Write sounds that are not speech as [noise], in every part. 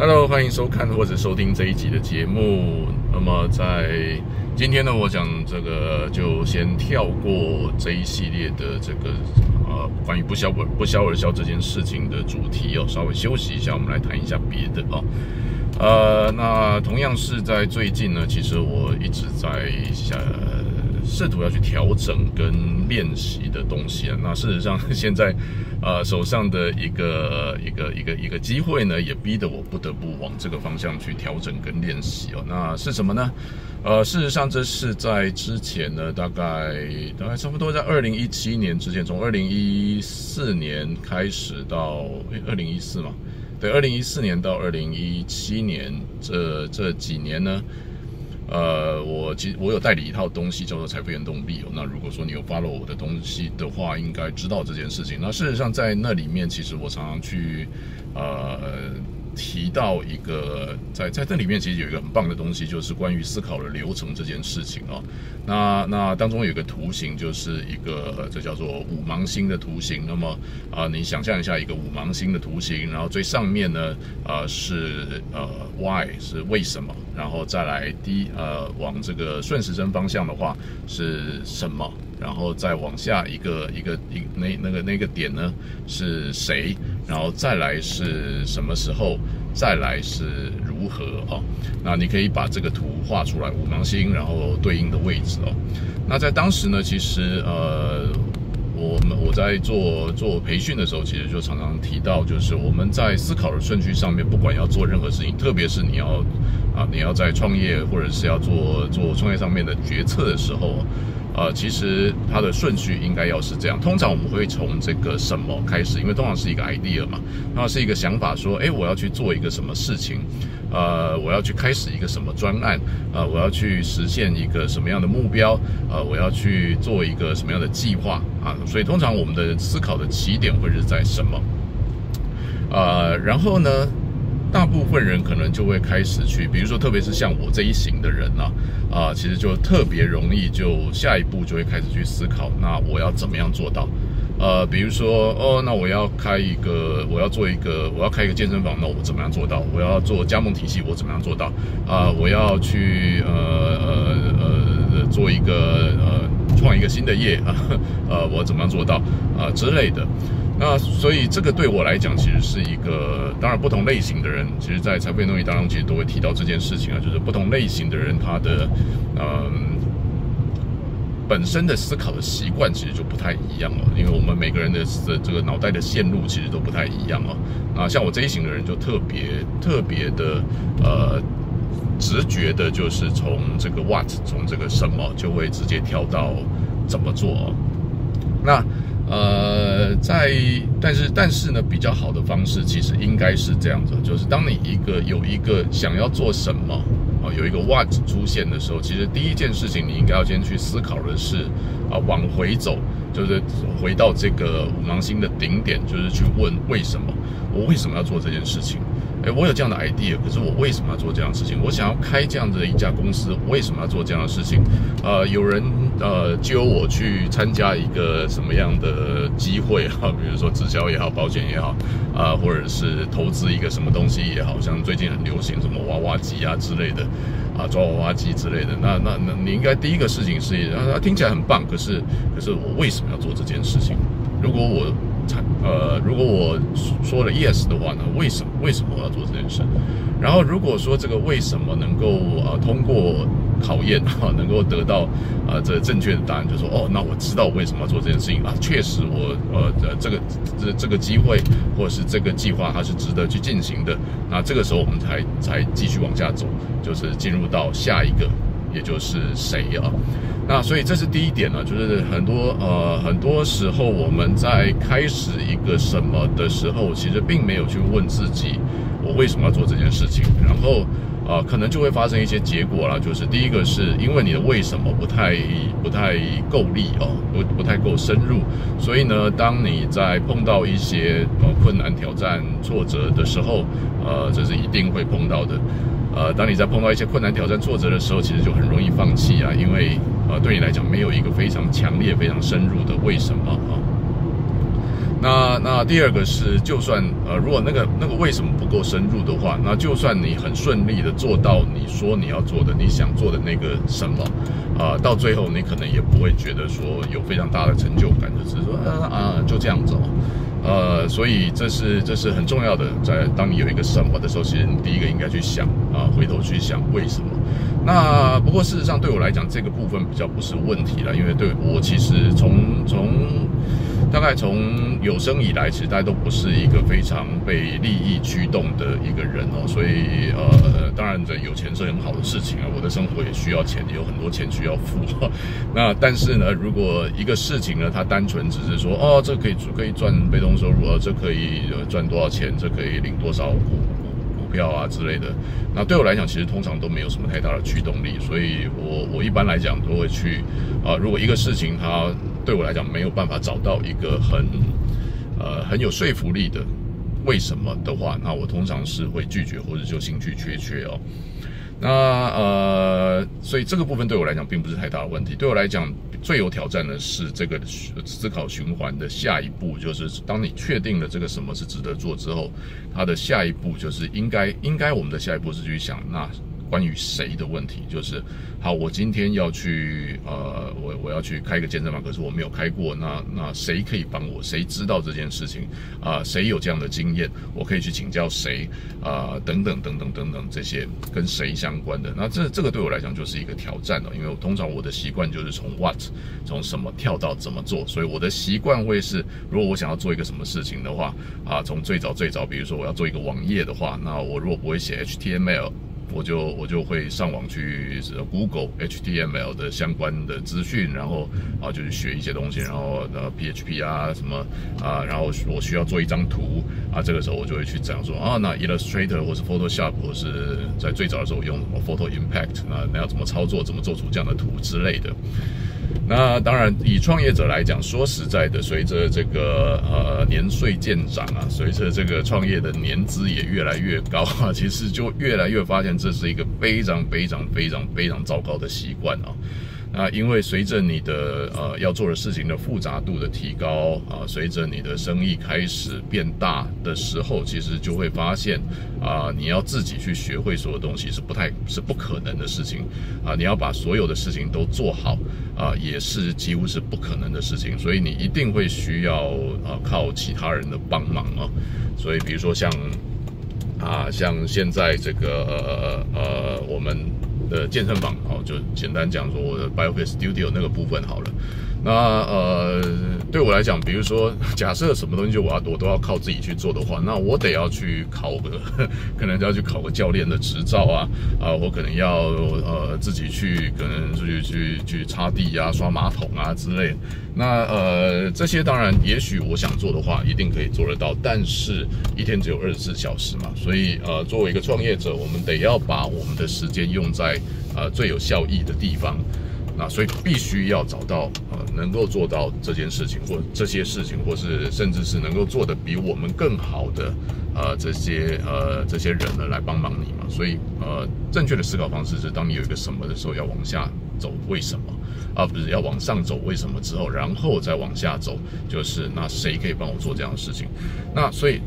Hello，歡迎收看或者收聽這一集的節目。那麼在今天呢，我想這個就先跳過這一系列的這個啊、呃，關於不銷不銷而銷這件事情的主題，哦，稍微休息一下，我們來談一下別的啊、哦。呃，那同樣是在最近呢，其實我一直在想。試圖要去調整跟練習的東西啊，那事實上現在，呃，手上的一個一個一個一個機會呢，也逼得我不得不往這個方向去調整跟練習哦。那是什麼呢？呃，事實上這是在之前呢，大概大概差不多在二零一七年之前，從二零一四年開始到誒二零一四嘛，對，二零一四年到二零一七年這這幾年呢。呃，我其實我有代理一套東西叫做財富源動力。那如果說你有 follow 我的東西的話，應該知道這件事情。那事實上在那裡面，其實我常常去，呃。提到一個在在這裡面，其實有一個很棒的東西，就是關於思考的流程這件事情哦。那那當中有個圖形，就是一個這叫做五芒星的圖形。那麼啊，你想象一下一個五芒星的圖形，然後最上面呢啊、呃、是呃 why 是為什麼，然後再來第一呃往這個順時針方向的話是什麼？然後再往下一個一個一個那那個那個點呢是誰？然後再來是什麼時候？再來是如何哦，那你可以把這個圖畫出來五芒星，然後對應的位置哦。那在當時呢，其實呃，我們我在做做培訓的時候，其實就常常提到，就是我們在思考的順序上面，不管要做任何事情，特別是你要啊，你要在創業或者是要做做創業上面的決策的時候，哦。呃，其實它的順序應該要是這樣。通常我們會從這個什麼開始，因為通常是一個 idea 嘛，通常是一個想法，說，哎，我要去做一個什麼事情，呃，我要去開始一個什麼專案，呃，我要去實現一個什麼樣的目標，呃，我要去做一個什麼樣的計劃啊。所以通常我們的思考的起點會是在什麼？呃，然後呢？大部分人可能就會開始去，比如說，特別是像我這一型的人啊，啊、呃，其實就特別容易，就下一步就會開始去思考，那我要怎麼樣做到？呃，比如說，哦，那我要開一個，我要做一個，我要開一個健身房，那我怎麼樣做到？我要做加盟體系，我怎麼樣做到？啊、呃，我要去呃呃呃做一個呃創一個新的業啊，呃，我怎麼樣做到？啊、呃、之類的。那所以這個對我來講，其實是一個當然不同類型的人，其實在財富動力當中，其實都會提到這件事情啊，就是不同類型的人，他的嗯、呃、本身的思考的習慣其實就不太一樣了、哦，因為我們每個人的這這個腦袋的線路其實都不太一樣啊、哦。那像我這一型的人，就特別特別的呃直覺的，就是從這個 what，從這個什麼、哦，就會直接跳到怎麼做、哦、那。呃，在，但是但是呢，比較好的方式其實應該是這樣子，就是當你一個有一個想要做什麼啊、呃，有一個 what 出現的時候，其實第一件事情你應該要先去思考的是啊、呃，往回走，就是回到這個五芒星的頂點，就是去問為什麼，我為什麼要做這件事情？哎，我有這樣的 idea，可是我為什麼要做這樣的事情？我想要開這樣的一家公司，為什麼要做這樣的事情？呃，有人。呃，就我去參加一個什麼樣的機會哈？比如說直銷也好，保險也好，啊，或者是投資一個什麼東西也好，像最近很流行什麼娃娃機啊之類的，啊，抓娃娃機之類的。那那那你應該第一個事情是，啊，聽起來很棒，可是可是我為什麼要做這件事情？如果我呃，如果我說了 yes 的話呢？為什麼為什麼我要做這件事？然後如果說這個為什麼能夠呃通過？考驗啊，能夠得到啊，呃，這正確的答案，就是說，哦，那我知道我為什麼要做這件事情了，啊。確實我，我呃，這個這這個機會或者是這個計劃，它是值得去進行的。那這個時候我們才才繼續往下走，就是進入到下一個，也就是誰啊？那所以這是第一點呢，啊，就是很多呃很多時候我們在開始一個什麼的時候，其實並沒有去問自己。為什麼要做這件事情？然後，啊、呃，可能就會發生一些結果了。就是第一個，是因為你的為什麼不太不太夠力哦，不不太夠深入，所以呢，當你在碰到一些呃困難、挑戰、挫折的時候，呃，這是一定會碰到的。呃，當你在碰到一些困難、挑戰、挫折的時候，其實就很容易放棄啊，因為呃，對你來講沒有一個非常強烈、非常深入的為什麼啊。那那第二個是，就算呃，如果那個那個為什麼不夠深入的話，那就算你很順利的做到你說你要做的、你想做的那個什麼，啊、呃，到最後你可能也不會覺得說有非常大的成就感，就是說，啊，啊就這樣子，呃，所以這是這是很重要的，在當你有一個什麼的時候，其實你第一個應該去想啊、呃，回頭去想為什麼。那不過事實上對我來講，這個部分比較不是問題了，因為對我其實從從。大概從有生以來，其實大家都不是一個非常被利益驅動的一個人哦，所以呃，當然這，有錢是很好的事情啊。我的生活也需要錢，有很多錢需要付。那但是呢，如果一個事情呢，它單純只是說哦，這可以這可以賺被動收入，呃，這可以賺多少錢，這可以領多少股股股票啊之類的。那對我來講，其實通常都沒有什麼太大的驅動力，所以我我一般來講都會去啊、呃，如果一個事情它。對我來講，沒有辦法找到一個很，呃，很有說服力的為什麼的話，那我通常是會拒絕或者就興趣缺缺哦。那呃，所以這個部分對我來講並不是太大的問題。對我來講，最有挑戰的是這個思考循環的下一步，就是當你確定了這個什麼是值得做之後，它的下一步就是應該應該我們的下一步是去想那。關於誰的問題，就是好，我今天要去呃，我我要去開一個健身房，可是我沒有開過，那那誰可以幫我？誰知道這件事情啊、呃？誰有這樣的經驗，我可以去請教誰啊、呃？等等等等等等，這些跟誰相關的？那這這個對我來講就是一個挑戰了，因為我通常我的習慣就是從 what 從什麼跳到怎麼做，所以我的習慣會是，如果我想要做一個什麼事情的話啊、呃，從最早最早，比如說我要做一個網頁的話，那我如果不會寫 HTML。我就我就會上網去，Google HTML 的相關的資訊，然後啊就去學一些東西，然後呃 PHP 啊什麼啊，然後我需要做一張圖啊，這個時候我就會去講說啊，那 Illustrator 或是 Photoshop 或是在最早的時候用什麼 PhotoImpact，那要怎麼操作，怎麼做出這樣的圖之類的。那當然，以創業者來講，說實在的，隨着這個呃年歲漸長啊，隨着這個創業的年資也越來越高啊，其實就越來越發現這是一個非常非常非常非常糟糕的習慣啊。啊，因為隨着你的呃要做的事情的複雜度的提高啊，隨着你的生意開始變大的時候，其實就會發現啊，你要自己去學會所有東西是不太是不可能的事情啊，你要把所有的事情都做好啊，也是幾乎是不可能的事情，所以你一定會需要啊靠其他人的幫忙啊，所以比如說像啊像現在這個呃，呃我們。呃，健身房哦，就簡單講說我的 BioFit Studio 那個部分好了，那呃。對我來講，比如說，假設什麼東西我要我都要靠自己去做的話，那我得要去考個，可能要去考個教練的執照啊，啊、呃，我可能要呃自己去，可能出去去去擦地啊、刷馬桶啊之類的。那呃，這些當然，也許我想做的話，一定可以做得到，但是一天只有二十四小時嘛，所以呃，作為一個創業者，我們得要把我們的時間用在呃最有效益的地方。啊，所以必須要找到呃能夠做到這件事情或這些事情，或是甚至是能夠做得比我們更好的呃這些呃這些人呢來幫忙你嘛。所以呃正確的思考方式是，當你有一個什麼的時候要往下走，為什麼、啊？而不是要往上走，為什麼之後，然後再往下走，就是那誰可以幫我做這樣的事情？那所以。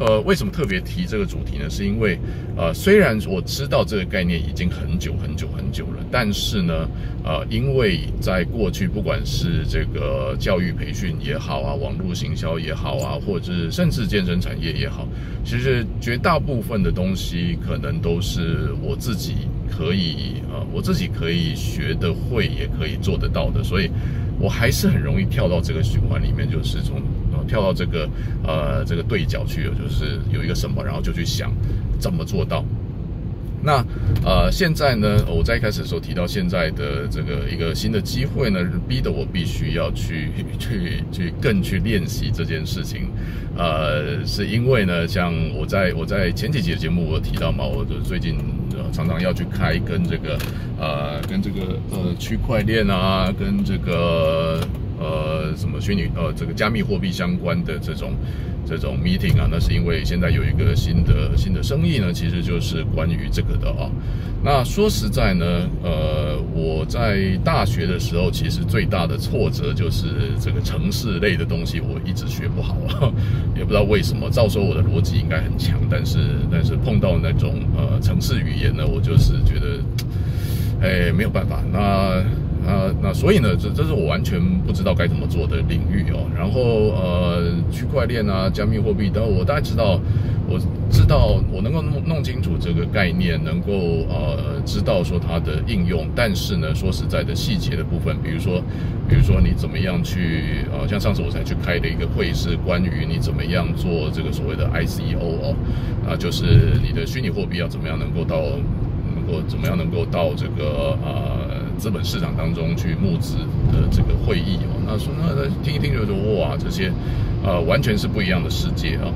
呃，為什麼特別提這個主題呢？是因為，呃，雖然我知道這個概念已經很久很久很久了，但是呢，呃，因為在過去，不管是這個教育培訓也好啊，網絡行銷也好啊，或者是甚至健身產業也好，其實絕大部分的東西可能都是我自己可以，呃，我自己可以學得會，也可以做得到的，所以我還是很容易跳到這個循環裡面，就是從。跳到這個呃這個對角去，就是有一個什麼，然後就去想怎麼做到。那呃現在呢，我在一開始的時候提到現在的這個一個新的機會呢，逼得我必須要去去去更去練習這件事情。呃，是因為呢，像我在我在前幾集的節目我提到嘛，我就最近常常要去開跟這個呃跟這個呃區塊鏈啊，跟這個。呃，什麼虛擬呃，這個加密貨幣相關的這種這種 meeting 啊，那是因為現在有一個新的新的生意呢，其實就是關於這個的啊。那說實在呢，呃，我在大學的時候，其實最大的挫折就是這個程式類的東西，我一直學不好，也不知道為什麼。照說我的邏輯應該很強，但是但是碰到那種呃程式語言呢，我就是覺得，哎，沒有辦法。那。啊，那所以呢，這這是我完全不知道該怎麼做的領域哦。然後呃，區塊鏈啊，加密貨幣，但我大概知道，我知道我能夠弄弄清楚這個概念，能夠呃知道說它的應用。但是呢，說實在的，細節的部分，比如說比如說你怎麼樣去呃，像上次我才去開了一個會，是關於你怎麼樣做這個所謂的 ICO 哦，啊，就是你的虛擬貨幣要、啊、怎麼樣能夠到能夠怎麼樣能夠到這個啊。呃資本市場當中去募資的這個會議哦，那說那聽一聽就說哇，這些呃完全是不一樣的世界啊，哦。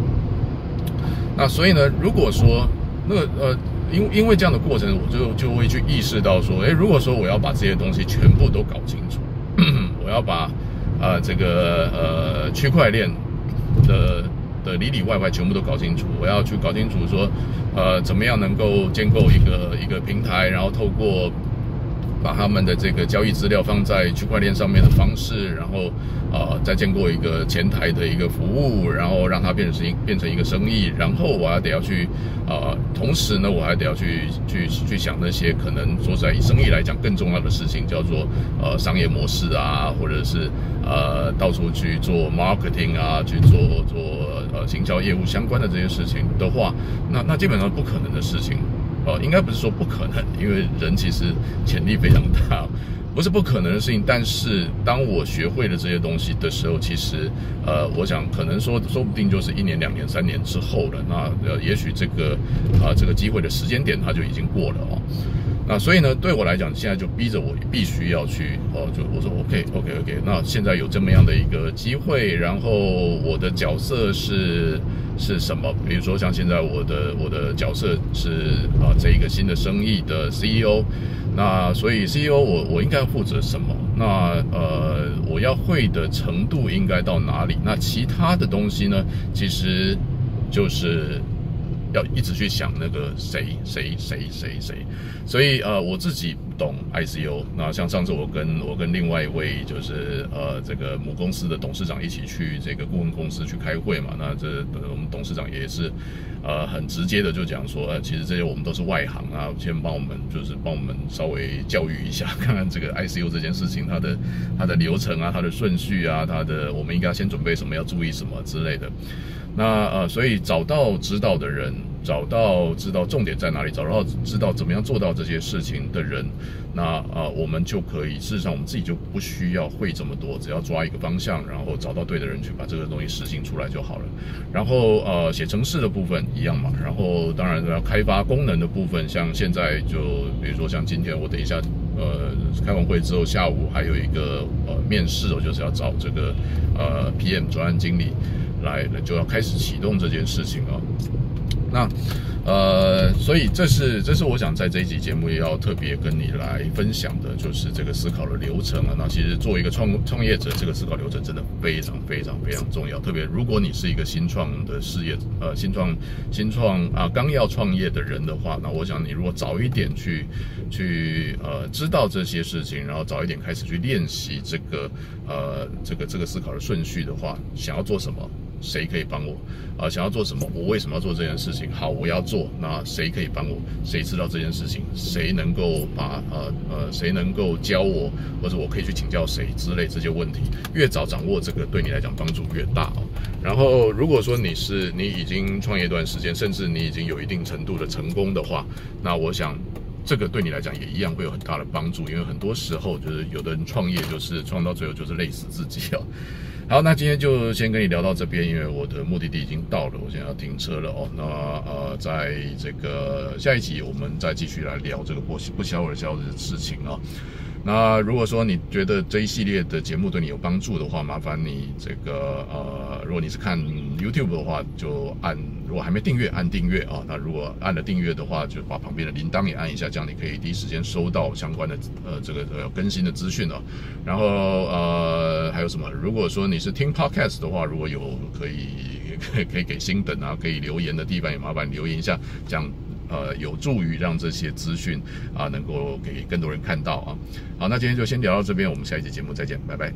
那所以呢，如果說那個呃，因因為這樣的過程，我就就會去意識到說，誒，如果說我要把這些東西全部都搞清楚， [coughs] 我要把啊、呃、這個呃區塊鏈的的裡裡外外全部都搞清楚，我要去搞清楚說，呃，怎麼樣能夠建構一個一個平台，然後透過。把他們的這個交易資料放在區塊鏈上面的方式，然後呃再建構一個前台的一個服務，然後讓它變成變成一個生意，然後我還得要去呃同時呢我還得要去去去想那些可能說在以生意來講更重要的事情，叫做呃商業模式啊，或者是呃到處去做 marketing 啊，去做做呃行銷業務相關的這些事情的話，那那基本上不可能的事情。哦，應該不是說不可能，因為人其實潛力非常大，不是不可能的事情。但是當我學會了這些東西的時候，其實，呃，我想可能說，說不定就是一年、兩年、三年之後了。那也許這個啊、呃，這個機會的時間點，它就已經過了啊、哦。那所以呢，對我來講，現在就逼着我必須要去，哦，就我說 OK、OK、OK。那現在有這麼樣的一個機會，然後我的角色是是什麼？比如說像現在我的我的角色是啊，這一個新的生意的 CEO。那所以 CEO 我我應該負責什麼？那呃，我要會的程度應該到哪裡？那其他的東西呢？其實，就是。要一直去想那個誰誰誰誰誰，所以，呃，我自己。懂 I C U。那像上次我跟我跟另外一位就是呃這個母公司的董事長一起去這個顧問公司去開會嘛，那這我們董事長也是，呃很直接的就講說，呃，其實這些我們都是外行啊，先幫我們就是幫我們稍微教育一下，看看這個 I C U 這件事情它的它的流程啊，它的順序啊，它的我們應該先準備什麼，要注意什麼之類的。那呃所以找到指導的人。找到知道重點在哪裡，找到知道怎麼樣做到這些事情的人，那啊、呃，我們就可以，事實上我們自己就不需要會這麼多，只要抓一個方向，然後找到對的人去把這個東西實行出來就好了。然後呃，寫程式的部分一樣嘛。然後當然要開發功能的部分，像現在就比如說像今天我等一下呃開完會之後，下午還有一個呃面試、哦，我就是要找這個呃 PM 專案經理來，就要開始啟動這件事情了、哦。那，呃，所以這是，這是我想在這一期節目要特別跟你來分享的，就是這個思考的流程啊。那其實做一個創創業者，這個思考流程真的非常非常非常重要。特別如果你是一個新創的事業，呃，新創新創啊，呃，剛要創業的人的話，那我想你如果早一點去，去呃知道這些事情，然後早一點開始去練習這個，呃，這個這個思考的順序的話，想要做什麼？誰可以幫我？啊，呃，想要做什麼？我為什麼要做這件事情？好，我要做。那誰可以幫我？誰知道這件事情？誰能夠把？呃呃，誰能夠教我？或者我可以去請教誰之類這些問題？越早掌握這個，對你來講幫助越大啊。然後，如果說你是你已經創業一段時間，甚至你已經有一定程度的成功的話，那我想，這個對你來講也一樣會有很大的幫助，因為很多時候就是有的人創業就是創到最後就是累死自己啊。好，那今天就先跟你聊到這邊，因為我的目的地已經到了，我現在要停車了哦。那呃，在這個下一集，我們再繼續來聊這個不不銷而銷的事情啊、哦。那如果說你覺得這一系列的節目對你有幫助的話，麻煩你這個呃，如果你是看。YouTube 的話，就按，如果還沒訂閱，按訂閱啊。那如果按了訂閱的話，就把旁邊的鈴鐺也按一下，這樣你可以第一時間收到相關的呃這個更新的資訊哦、啊。然後呃還有什麼？如果說你是聽 Podcast 的話，如果有可以可以給星等啊，可以留言的地方也麻煩留言一下，這樣呃有助於讓這些資訊啊能夠給更多人看到啊。好，那今天就先聊到這邊，我們下一集節目再見，拜拜。